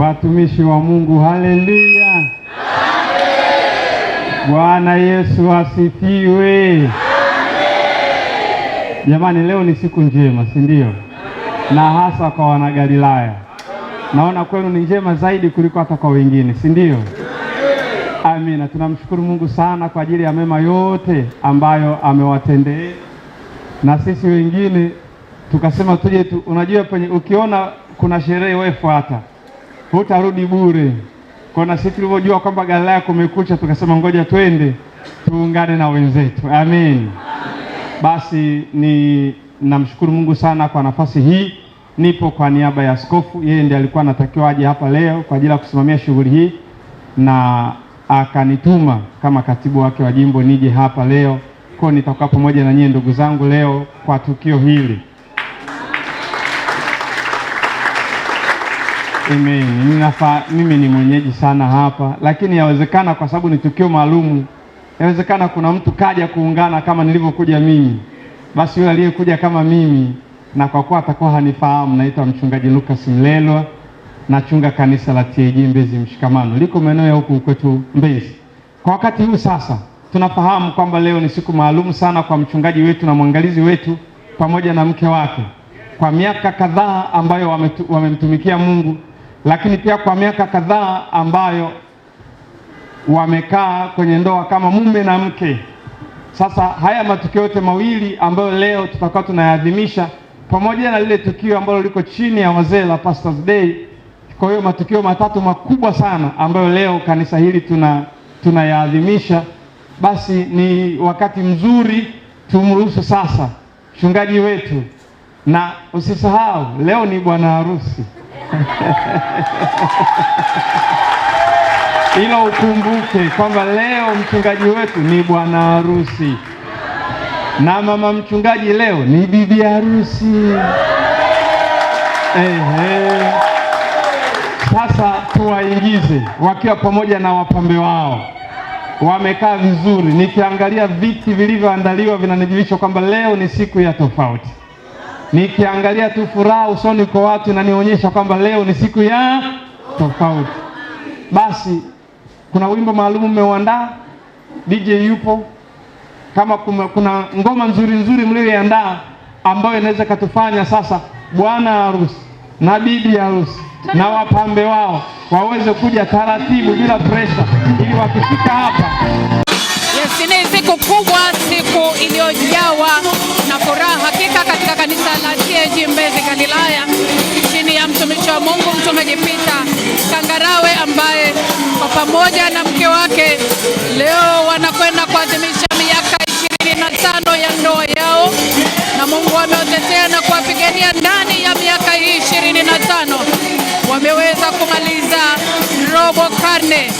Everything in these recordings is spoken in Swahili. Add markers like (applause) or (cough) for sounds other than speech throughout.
watumishi wa Mungu. Haleluya! Bwana Yesu asifiwe. Jamani, leo ni siku njema, si ndio? Na hasa kwa Wanagalilaya naona kwenu ni njema zaidi kuliko hata kwa wengine, si ndio? Amina. Tunamshukuru Mungu sana kwa ajili ya mema yote ambayo amewatendea, na sisi wengine tukasema tuje tu. Unajua, penye ukiona kuna sherehe hata hutarudi bure. Kwa na sisi tulivyojua kwamba Galilaya kumekucha, tukasema ngoja twende tuungane na wenzetu. Amen. Basi ni namshukuru Mungu sana kwa nafasi hii. Nipo kwa niaba ya askofu, yeye ndiye alikuwa anatakiwa aje hapa leo kwa ajili ya kusimamia shughuli hii, na akanituma kama katibu wake wa jimbo nije hapa leo. Kwa nitakuwa pamoja na nyie ndugu zangu leo kwa tukio hili. Mimi ni mwenyeji sana hapa, lakini yawezekana kwa sababu ni tukio maalum yawezekana kuna mtu kaja kuungana kama nilivyokuja mimi, basi yule aliyekuja kama mimi, na kwa kuwa atakuwa hanifahamu, naitwa mchungaji Lucas Mlelwa, nachunga kanisa la TAG Mbezi Mshikamano, liko maeneo ya huku kwetu Mbezi. Kwa wakati huu sasa tunafahamu kwamba leo ni siku maalum sana kwa mchungaji wetu na mwangalizi wetu pamoja na mke wake kwa miaka kadhaa ambayo wamemtumikia Mungu lakini pia kwa miaka kadhaa ambayo wamekaa kwenye ndoa kama mume na mke. Sasa haya matukio yote mawili ambayo leo tutakuwa tunayaadhimisha pamoja na lile tukio ambalo liko chini ya wazee la Pastors Day. Kwa hiyo matukio matatu makubwa sana ambayo leo kanisa hili tuna tunayaadhimisha, basi ni wakati mzuri tumruhusu sasa mchungaji wetu, na usisahau leo ni bwana harusi. (laughs) ila ukumbuke kwamba leo mchungaji wetu ni bwana harusi na mama mchungaji leo ni bibi harusi. Ehe, sasa tuwaingize wakiwa pamoja na wapambe wao, wamekaa vizuri. Nikiangalia viti vilivyoandaliwa vinanijulisha kwamba leo ni siku ya tofauti nikiangalia tu furaha usoni kwa watu inanionyesha kwamba leo ni siku ya tofauti. Basi kuna wimbo maalum mmeuandaa, DJ yupo. Kama kuma, kuna ngoma nzuri nzuri mlioiandaa ambayo inaweza katufanya sasa bwana harusi na bibi harusi na wapambe wao waweze kuja taratibu bila presha, ili wakifika hapa yes, ni siku kubwa, siku iliyojawa na furaha hakika katika Kienyeji Mbezi Galilaya chini ya mtumishi wa Mungu Mchungaji Peter Kangarawe ambaye kwa pamoja na mke wake leo wanakwenda kuadhimisha miaka 25 ya ndoa yao, na Mungu ameotetea na kuwapigania ndani ya miaka hii 25 wameweza kumaliza robo karne.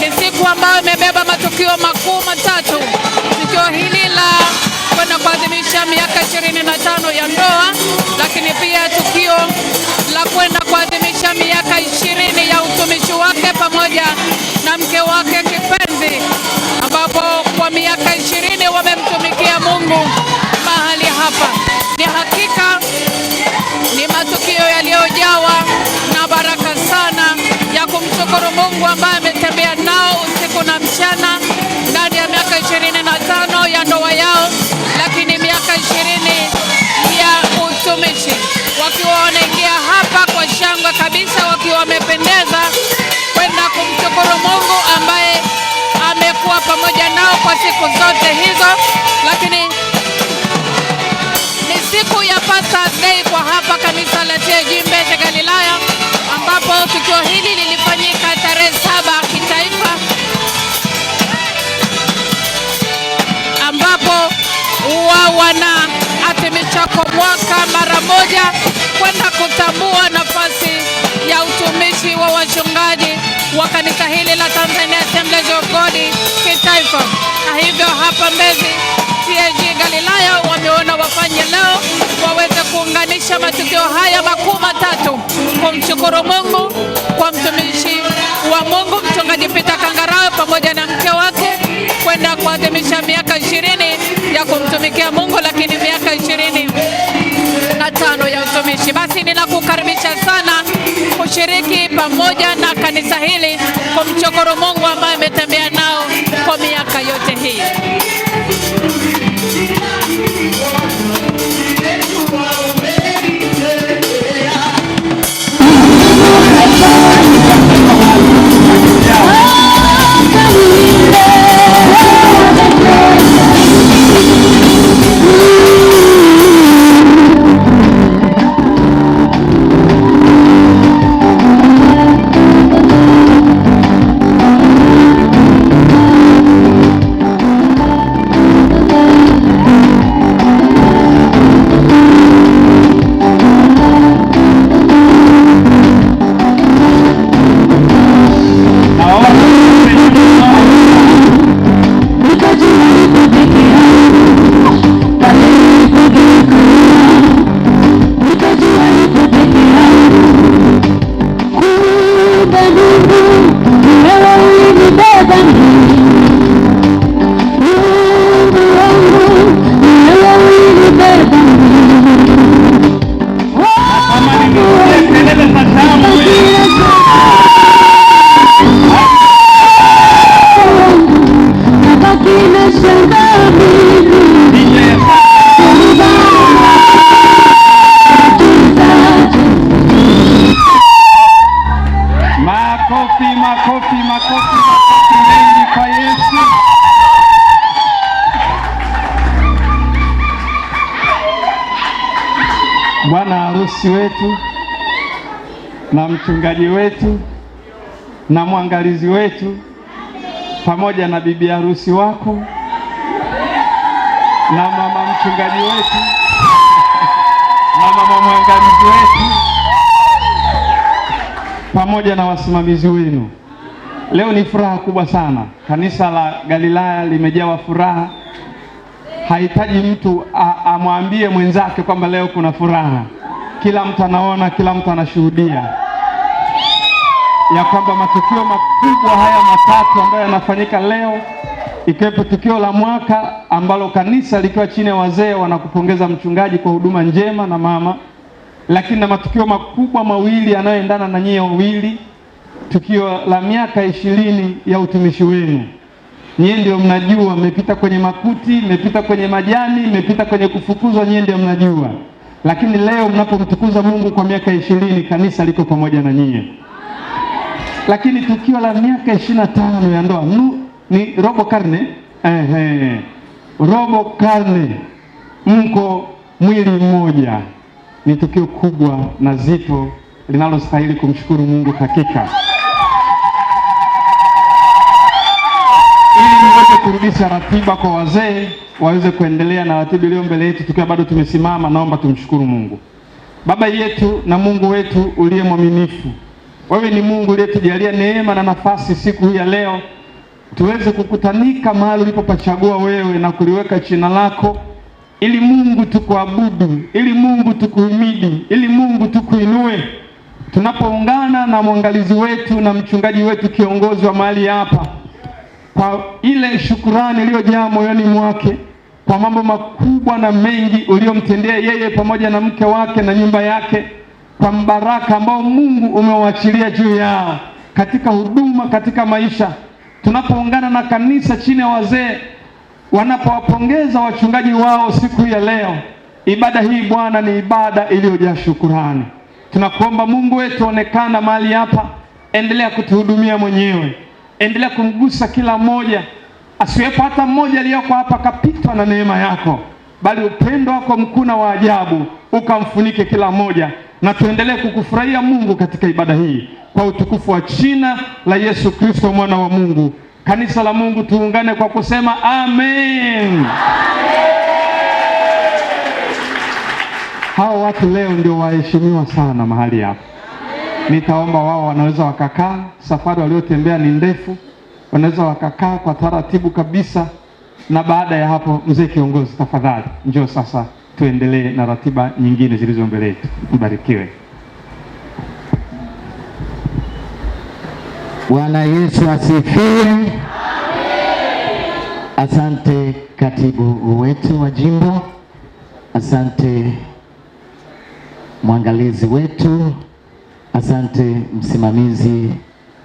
Ni siku ambayo imebeba matukio makuu matatu tukio hili kuadhimisha miaka 25 ya ndoa, lakini pia tukio la kwenda kuadhimisha miaka 20 ya utumishi wake pamoja na mke wake kipenzi, ambapo kwa miaka 20 wamemtumikia Mungu mahali hapa. Ni hakika ni matukio yaliyojawa na baraka sana ya kumshukuru Mungu ambaye ametembea nao usiku na mchana ndani ya miaka 25 ya ndoa yao ishirini ya utumishi, wakiwa wanaingia hapa kwa shangwe kabisa, wakiwa wamependeza kwenda kumshukuru Mungu ambaye amekuwa pamoja nao kwa siku zote hizo, lakini ni siku ya Pasaka Day mwaka mara moja kwenda kutambua nafasi ya utumishi wa wachungaji wa kanisa hili la Tanzania Assemblies of God kitaifa, na hivyo hapa Mbezi TAG Galilaya wameona wafanye leo waweze kuunganisha matukio haya makuu matatu: kumshukuru Mungu kwa mtumishi wa Mungu mchungaji Peter Kangarawe pamoja na mke wake kwenda kuadhimisha miaka ishirini kushiriki pamoja na kanisa hili kwa mchokoro Mungu ambaye ametembea na Makofi, makofi, makofi mengi kwa Yesu. Bwana harusi wetu na mchungaji wetu na mwangalizi wetu pamoja na bibi harusi wako na mama mchungaji wetu (laughs) na mama mwangalizi wetu pamoja na wasimamizi wenu. Leo ni furaha kubwa sana. Kanisa la Galilaya limejawa furaha. Hahitaji mtu amwambie mwenzake kwamba leo kuna furaha. Kila mtu anaona, kila mtu anashuhudia ya kwamba matukio makubwa haya matatu ambayo yanafanyika leo, ikiwepo tukio la mwaka ambalo kanisa likiwa chini ya wazee wanakupongeza mchungaji kwa huduma njema na mama, lakini na matukio makubwa mawili yanayoendana na nyie wawili tukio la miaka ishirini ya utumishi wenu. Nyie ndio mnajua, mmepita kwenye makuti, mmepita kwenye majani, mmepita kwenye kufukuzwa, nyie ndio mnajua. Lakini leo mnapomtukuza Mungu kwa miaka ishirini, kanisa liko pamoja na nyie. Lakini tukio la miaka ishirini na tano ya ndoa nu, ni robo karne ehe, robo karne mko mwili mmoja, ni tukio kubwa na zito linalostahili kumshukuru Mungu hakika. tuweze kurudisha ratiba kwa wazee waweze kuendelea na ratiba iliyo mbele yetu tukiwa bado tumesimama. Naomba tumshukuru Mungu. Baba yetu na Mungu wetu uliye mwaminifu, wewe ni Mungu uliyetujalia neema na nafasi siku hii ya leo tuweze kukutanika mahali ulipopachagua wewe na kuliweka jina lako, ili Mungu tukuabudu, ili Mungu tukuhimidi, ili Mungu tukuinue. Tunapoungana na mwangalizi wetu na mchungaji wetu kiongozi wa mahali hapa kwa ile shukurani iliyojaa moyoni mwake kwa mambo makubwa na mengi uliyomtendea yeye pamoja na mke wake na nyumba yake, kwa mbaraka ambao Mungu umewaachilia juu yao katika huduma, katika maisha. Tunapoungana na kanisa chini ya wazee wanapowapongeza wachungaji wao siku ya leo, ibada hii Bwana ni ibada iliyojaa shukurani. Tunakuomba Mungu wetu, onekana mahali hapa, endelea kutuhudumia mwenyewe endelea kumgusa kila mmoja, asiwepo hata mmoja aliyoko hapa akapitwa na neema yako, bali upendo wako mkuu na wa ajabu ukamfunike kila mmoja, na tuendelee kukufurahia Mungu katika ibada hii kwa utukufu wa jina la Yesu Kristo mwana wa Mungu. Kanisa la Mungu tuungane kwa kusema amen, amen. Hawa watu leo ndio waheshimiwa sana mahali hapa nitaomba wao wanaweza wakakaa, safari waliotembea ni ndefu, wanaweza wakakaa kwa taratibu kabisa, na baada ya hapo, mzee kiongozi, tafadhali njoo sasa tuendelee na ratiba nyingine zilizo mbele yetu. Mbarikiwe. Bwana Yesu asifiwe. Asante katibu wetu wa jimbo, asante mwangalizi wetu Asante msimamizi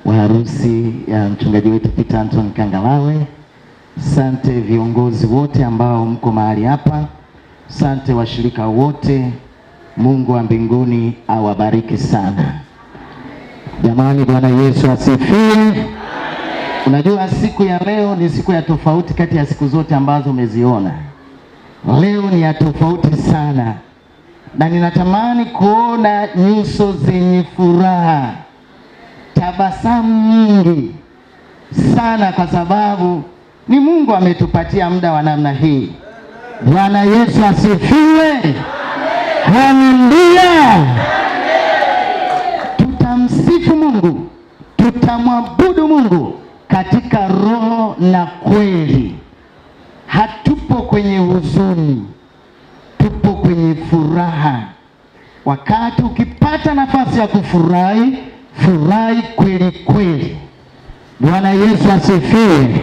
wa harusi ya mchungaji wetu Peter Anton Kangalawe. Asante viongozi wote ambao mko mahali hapa. Asante washirika wote. Mungu wa mbinguni awabariki sana. Jamani, Bwana Yesu asifiwe. Unajua, siku ya leo ni siku ya tofauti kati ya siku zote ambazo umeziona. Leo ni ya tofauti sana na ninatamani kuona nyuso zenye furaha, tabasamu nyingi sana, kwa sababu ni Mungu ametupatia muda wa namna hii. Bwana Yesu asifiwe. Haleluya! Tutamsifu Mungu, tutamwabudu Mungu katika roho na kweli. Hatupo kwenye huzuni kwenye furaha. Wakati ukipata nafasi ya kufurahi, furahi kweli kweli. Bwana Yesu asifiwe.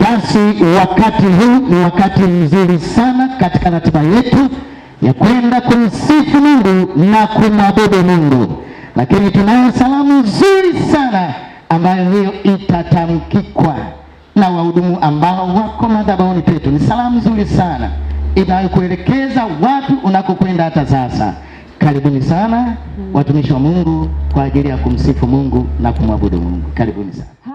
Basi wakati huu ni wakati mzuri sana katika ratiba yetu ya kwenda kumsifu Mungu na kumwabudu Mungu, lakini tunayo salamu nzuri sana ambayo hiyo itatamkikwa na wahudumu ambao wako madhabahuni petu. Ni salamu nzuri sana inayokuelekeza wapi unakokwenda hata sasa. Karibuni sana watumishi wa Mungu kwa ajili ya kumsifu Mungu na kumwabudu Mungu. Karibuni sana.